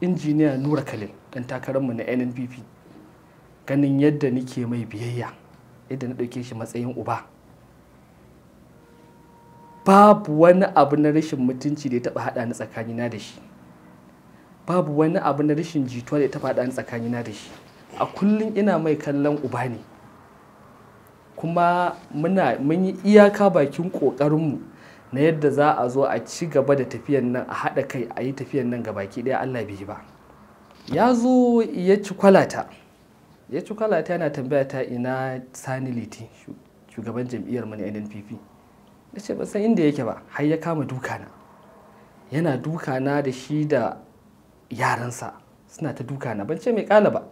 injiniya nura khalil dan takararmu na nnpp ganin yadda nike mai biyayya yadda na ɗauke shi matsayin uba babu wani abu na rashin mutunci da ya taba haɗa ni tsakanina da shi babu wani abu na rashin jituwa da ya taɓa haɗa ni tsakanina da shi a kullum ina mai kallon uba ne kuma muna mun yi iyaka bakin ƙoƙarinmu na yadda za a zo a ci gaba da tafiyan nan a haɗa kai a yi tafiyan nan ga baki ɗaya Allah bai ba ya zo ya ci kwalata ya ci kwalata yana tambaya ta ina sani liti shugaban jam'iyyar mani nnpp Na ce ban san inda yake ba har ya kama dukana yana dukana da shi da yaransa suna ta dukana ban ce mai kala ba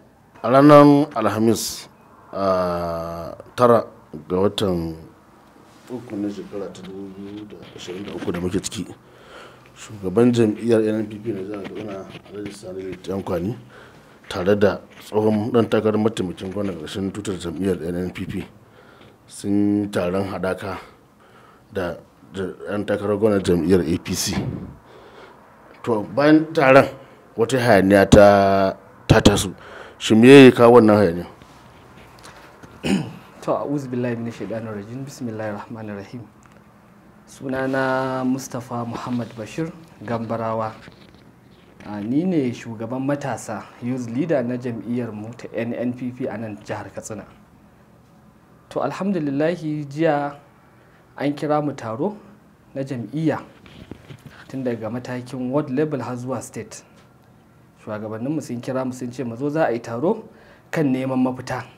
a ranar alhamis ah, tara ga watan uku na shekara ta dubu da muke ciki shugaban jam'iyyar nnpp na jihar rajista alhaji yi kwani tare da tsohon dan takarar mataimakin gwamnan ƙarshen tutar jam'iyyar nnpp sun taron hadaka da yan takarar gwamnan jam'iyyar apc to bayan taron wata hayaniya ta taso shi me ya kawo wannan hayaniya to a'udhu billahi minash shaitanir rajin bismillahi rahmanir rahim sunana Mustapha Muhammad Bashir Gambarawa ni ne shugaban matasa youth leader na jam'iyyar mu ta NNPP a nan jihar Katsina to alhamdulillahi jiya an kira mu taro na jam'iyya tun daga matakin world level har zuwa state shugabanninmu sun kira mu sun ce mu za a yi taro kan neman mafita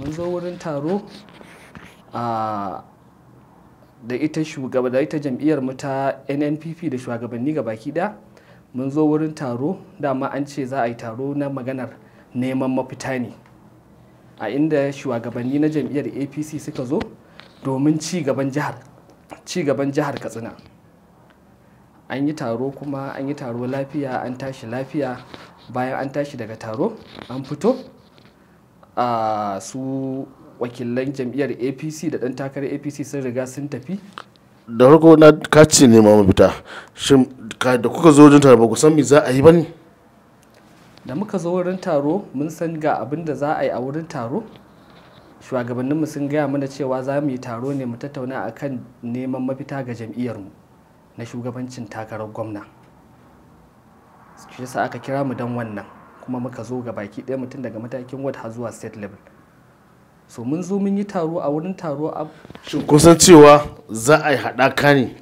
mun zo wurin taro da ita shugaba da ita jam'iyyar mu ta nnpp da shugabanni ga baki ɗaya mun zo wurin taro dama an ce za a yi taro na maganar neman mafita ne a inda shugabanni na jam'iyyar apc suka zo domin ci gaban jihar ci gaban jihar katsina an yi taro kuma an yi taro lafiya an tashi lafiya bayan an tashi daga taro an fito a su wakilan jam'iyyar apc da ɗan takarar apc sun riga sun tafi da farko na kaci ne ma mafita shin da kuka zo wajen taro ba ku san me za a yi ba ne da muka zo wurin taro mun san ga abin da za a yi a wurin taro shugabanninmu sun gaya mana cewa za mu yi taro ne mu tattauna a kan neman mafita ga jam'iyyar mu na shugabancin takarar gwamna shi yasa aka kira mu don wannan kuma muka zo ga baki ɗaya mutum daga matakin ward zuwa state level so mun zo mun yi taro a wurin taro a kusan cewa za a yi haɗaka ne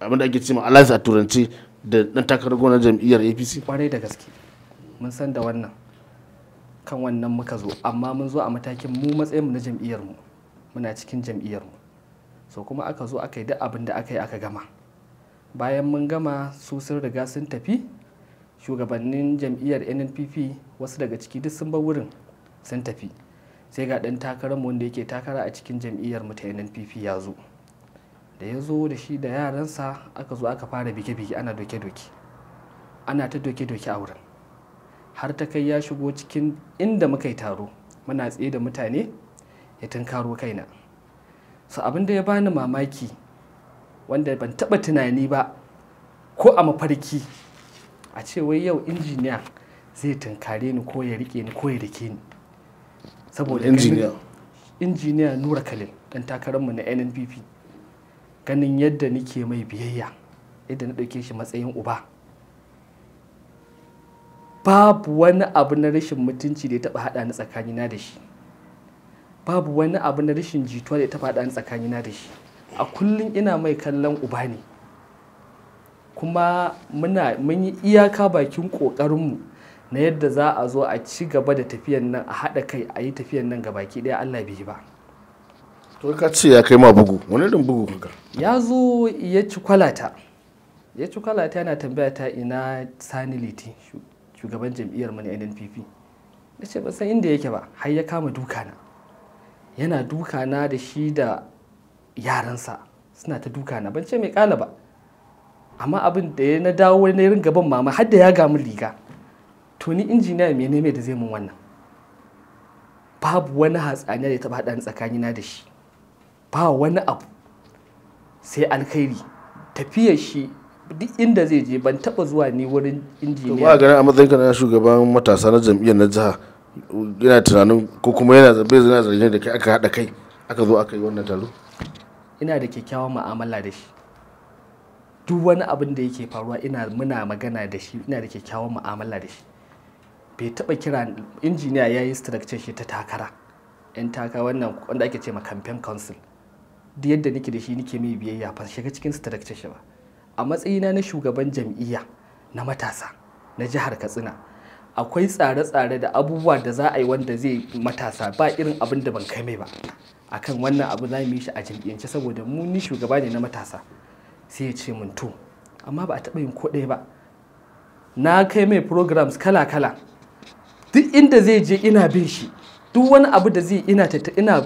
abin da ake cewa alliance a turanci da ɗan takarar gonar jam'iyyar apc kwarai da gaske mun san da wannan kan wannan muka zo amma mun zo a matakin mu matsayinmu na jam'iyyarmu muna cikin jam'iyyarmu so kuma aka zo aka yi duk abin da aka yi aka gama bayan mun gama su sun riga sun tafi shugabannin jam'iyyar nnpp wasu daga ciki duk sun bar wurin sun tafi sai ga ɗan takararmu wanda yake takara a cikin jam'iyyar mu ta nnpp ya zo da ya zo da shi da yaransa aka zo aka fara bike-bike ana doke-doke ana ta doke-doke a wurin har ta kai ya shigo cikin inda muka yi taro muna tsaye da mutane ya tunkaro kaina su abin da ya bani mamaki wanda ban taɓa tunani ba ko a mafarki a ce wai yau injiniya zai tunkare ni ko ya rike ni ko ya rike ni saboda injiniya injiniya nura kalil dan takararmu na nnpp ganin yadda nike mai biyayya yadda na ɗauke shi matsayin uba babu wani abu na rashin mutunci da ya taba haɗa ni tsakanina da shi babu wani abu na rashin jituwa da ya taɓa haɗa ni tsakanina da shi a kullum ina mai kallon uba ne kuma muna mun yi iyaka bakin ƙoƙarinmu na yadda za a zo a ci gaba da tafiyan nan a haɗa kai a yi tafiyan nan gabaki ɗaya Allah bai ba to ka ce ya kai ma bugu wani irin bugu ya zo ya ci kwalata ya ci kwalata yana tambaya ta ina sani liti shugaban jam'iyyar mu na NNPP na ce ban san inda yake ba har ya kama dukana yana dukana da shi da yaransa suna ta dukana ban ce mai ƙala ba amma abin da na dawo wani na ringa mama har da ya gamu liga to ni injiniya me ne da zai mun wannan babu wani hatsaniya da ya taba haɗa tsakanina da shi ba wani abu sai alkhairi tafiyar shi duk inda zai je ban taba zuwa ni wurin injiniya ba ganin a matsayin ka na shugaban matasa na jam'iyyar na jiha yana tunanin ko kuma yana zabe zina zargin da kai aka haɗa kai aka zo aka yi wannan taro ina da kyakkyawan mu'amala da shi duk wani abin da yake faruwa ina muna magana da shi ina da kyakkyawan mu'amala da shi bai taba kira injiniya ya yi structure shi ta takara yan taka wannan wanda ake ce ma campaign council duk yadda nake da shi nake mai biyayya fa shiga cikin structure shi ba a matsayina na shugaban jam'iyya na matasa na jihar katsina akwai tsare-tsare da abubuwa da za a yi wanda zai matasa ba irin abin da ban kai mai ba akan wannan abu za mu yi shi a jam'iyyance saboda mu ni shugaba ne na matasa sai ya ce mun to amma ba a taɓa yin ko ba na kai mai programs kala-kala duk inda zai je ina bin shi duk wani abu da zai ina ta ina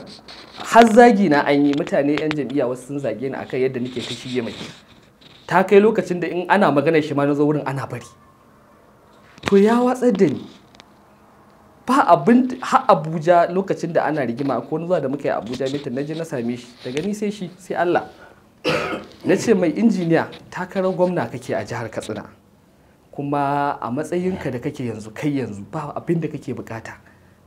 har zagi na an yi mutane yan jam'iyya wasu sun zage ni akan yadda nake ta ya mai ta kai lokacin da in ana magana shi ma na zo wurin ana bari to ya watsar da ni ba abin har Abuja lokacin da ana rigima ko zuwa da muka yi Abuja mita na je na same shi daga ni sai shi sai Allah na ce mai injiniya takarar gwamna kake a jihar katsina kuma a matsayinka da kake yanzu kai yanzu ba abin da kake bukata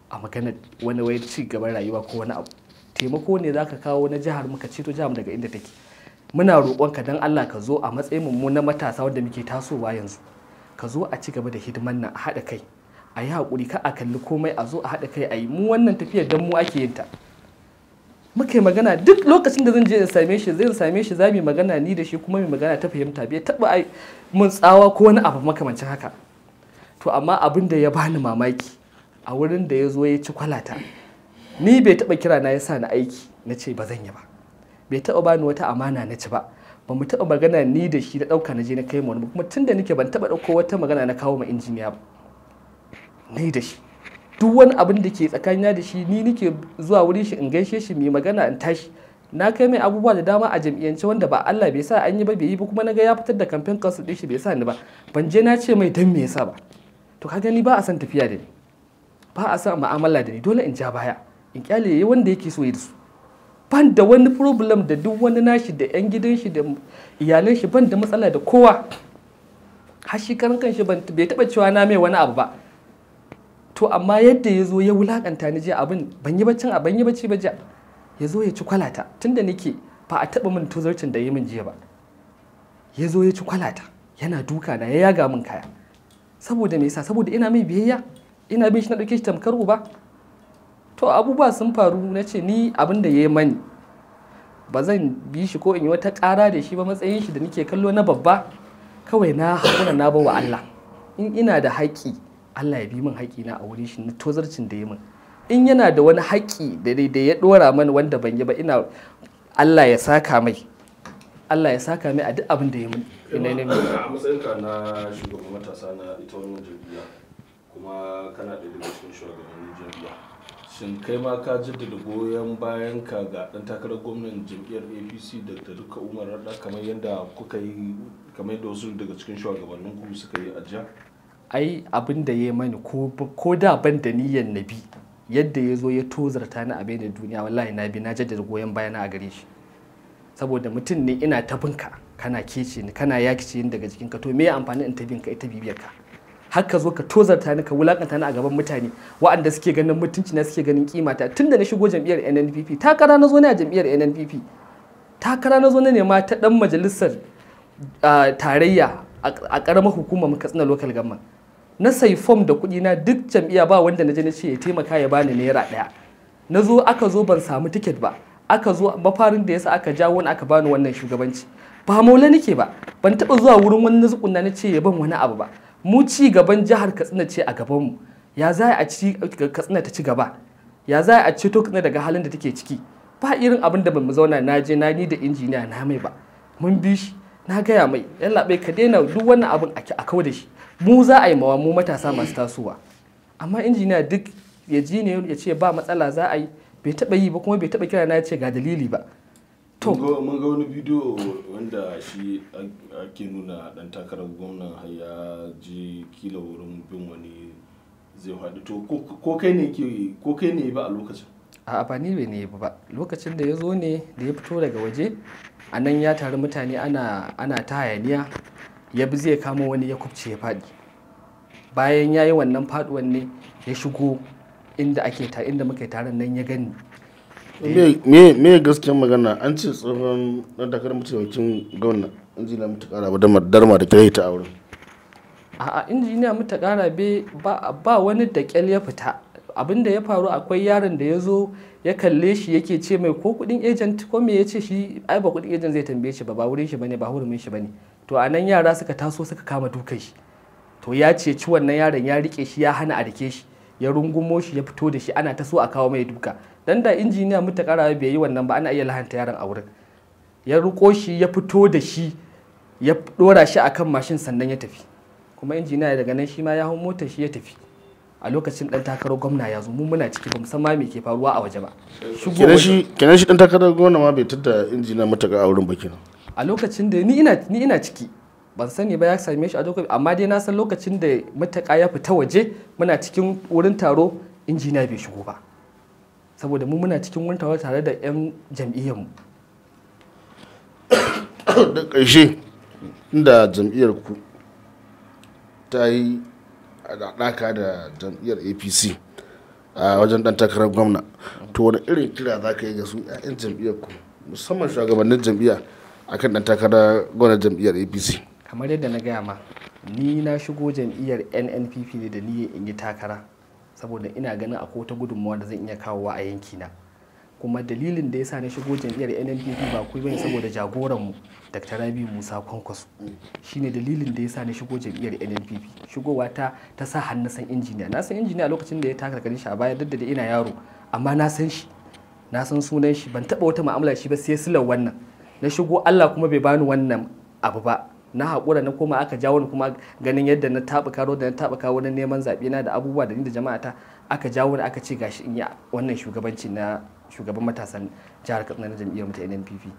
a maganar wani wai ci gaban rayuwa ko wani abu taimako ne zaka kawo na jihar muka ceto jihar daga inda take muna roƙonka don Allah ka zo a matsayin mu na matasa wanda muke tasowa yanzu ka zo a ci gaba da hidiman nan a haɗa kai a yi haƙuri ka a kalli komai a zo a haɗa kai a yi mu wannan tafiyar don mu ake yin ta muka yi magana duk lokacin da zan je in same shi zai same shi za mu magana ni da shi kuma mu magana ta fahimta bai taba mun tsawa ko wani abu makamancin haka to amma abin da ya bani mamaki a wurin da ya zo ya ci kwalata ni bai taba kira na ya sa na aiki na ce ba zan yi ba bai taba bani wata amana na ci ba ba mu taba magana ni da shi na dauka na je na kai mu kuma tunda nake ban taba dauko wata magana na kawo ma injiniya ba ni da shi duk wani abin da ke tsakanin da shi ni nike zuwa wurin shi in gaishe shi mai magana in tashi na kai mai abubuwa da dama a jam'iyyance wanda ba Allah bai sa an yi ba bai yi ba kuma naga ya fitar da kamfen council din shi bai sa ni ba ban je na ce mai dan me yasa ba to ka gani ba a san tafiya da ni ba a san mu'amala da ni dole in ja baya in kyale yayi wanda yake so yi da su ban da wani problem da duk wani nashi da yan gidan shi da iyalan shi ban da matsala da kowa har shi karan kanshi ban bai taba cewa na mai wani abu ba to amma yadda ya zo ya wulakanta ni jiya abin ban yi baccin ban yi bacci ba jiya ya zo ya ci kwalata tunda nake ba a taba min tozarcin da ya min jiya ba ya zo ya ci kwalata yana duka na ya yaga min kaya saboda me yasa saboda ina mai biyayya ina bin shi na dauke shi tamkar uba to abubuwa sun faru na ce ni abin da ya yi mani ba zan bi shi ko in yi wata ƙara da shi ba matsayin shi da nake kallo na babba kawai na hakuna na ba wa Allah in ina da haƙƙi Allah ya bi min na a wurin shi na tozarcin da ya min in yana da wani haƙi da ya ɗora mana wanda ban yi ba ina Allah ya saka mai Allah ya saka mai a duk abin da ya min ina ne a matsayinka na shugaban matasa na ita wannan jam'iyya kuma kana da daga cikin shugabannin jam'iyya shin kai ma ka jaddada goyon bayan ka ga dan takarar gwamnan jam'iyyar APC Dr. duka Umar Radda kamar yadda kuka yi kamar yadda wasu daga cikin shugabannin ku suka yi a jiya ai abin da ya yi mani ko da ban da niyyar na bi yadda ya zo ya tozarta ni a da duniya wallahi na bi na jaddada goyon bayana a gare shi saboda mutum ne ina tabinka kana kece ni kana yakice ni daga jikinka to me ya amfani in tabinka ita bibiyar ka har ka zo ka tozarta ni ka wulakanta ni a gaban mutane waɗanda suke ganin mutunci na suke ganin kimata tunda na shigo jam'iyyar NNPP takara na zo ne a jam'iyyar NNPP takara na zo ne ma ta dan majalisar ah, tarayya a ƙaramar hukumar Katsina local government na sai fom da kuɗi na duk jam'iyya ba wanda na je na ce ya taimaka ya bani naira ɗaya na zo aka zo ban samu tiket ba aka zo mafarin da yasa aka jawo wani aka bani wannan shugabanci ba maula nake ba ban taɓa zuwa wurin wani na na ce ya ban wani abu ba mu ci gaban jihar katsina ce a gabanmu ya za a ci katsina ta ci gaba ya za a to katsina daga halin da take ciki ba irin abin da ban mu zauna na je na ni da injiniya na mai ba mun bi shi na gaya mai yalla bai ka daina duk wannan abin a kawo da shi mu za a yi mawa mu matasa masu tasowa amma injiniya duk ya ji ne ya ce ba matsala za a yi bai taba yi ba kuma bai taba kira na ya ce ga dalili ba to mun ga wani bidiyo wanda shi ake nuna dan takarar gwamnan ya je kila wurin bin wani zai haɗu to ko kai ne ke ko kai ne ba a lokacin a ba ni bai ne ba lokacin da ya zo ne da ya fito daga waje a nan ya taru mutane ana ana ta hayaniya ya bi zai kama wani ya kubce ya faɗi bayan ya yi wannan faɗuwan ne ya shigo inda ake ta inda muke taron nan ya gani me gaskiyar magana an ce tsohon dan takarar mataimakin gwamna injiniya mutu kara ba darma da kira ta auren a'a injiniya mutu kara ba wani da kyal ya fita abin da ya faru akwai yaron da ya zo ya kalle shi yake ce mai ko kudin agent ko me ya ce shi ai ba kudin agent zai tambaye shi ba ba wurin shi bane ba hurumin shi bane to a nan yara suka taso suka kama dukai to ya ce ci wannan yaron ya rike shi ya hana a rike shi ya rungumo shi ya fito da shi ana ta so a kawo mai duka dan da injiniya muta kara bai yi wannan ba ana iya lahanta yaron a wurin ya ruko shi ya fito da shi ya dora shi akan mashin sannan ya tafi kuma injiniya daga nan shi ma ya hau motar shi ya tafi a lokacin dan takarar gwamna ya zo mu muna ciki ba musamman me ke faruwa a waje ba kenan shi dan takarar gwamna ma bai tada injiniya mutaka a wurin ba kenan a lokacin da ni ina ni ina ciki ban sani ba ya same shi a lokacin amma dai na san lokacin da mataka ya fita waje muna cikin wurin taro injiniya bai shigo ba saboda mu muna cikin wurin taro tare da yan jam'iyyar mu da ƙarshe inda jam'iyyar ku ta yi haɗaka da jam'iyyar apc a wajen ɗan takarar gwamna to wani irin kira za ka yi ga su 'ya'yan jam'iyyar ku musamman shugabannin jam'iyya akan dan takarar gwada jam'iyyar apc kamar yadda na gaya ma ni na shigo jam'iyyar nnpp ne da ni in yi takara saboda ina ganin akwai wata gudunmawa da zan iya kawowa a yankina kuma dalilin da yasa na shigo jam'iyyar nnpp ba kuwa bane saboda jagoranmu dr rabi musa kwankwaso shine dalilin da ya sa na shigo jam'iyyar nnpp shigowa ta ta sa hannu san injiniya na san injiniya lokacin da ya taka karin shi a baya duk da ina yaro amma na san shi na san sunan shi ban taba wata mu'amala shi ba sai silar wannan na shigo Allah kuma bai bani wannan abu ba na haƙura na koma aka jawo ni kuma ganin yadda na taɓa karo da na taɓa kawo wani neman zaɓe na da abubuwa da ni da jama'a ta aka jawo ni aka ce gashi in yi wannan shugabanci na shugaban matasan jihar Katsina na jam'iyyar mutane NPP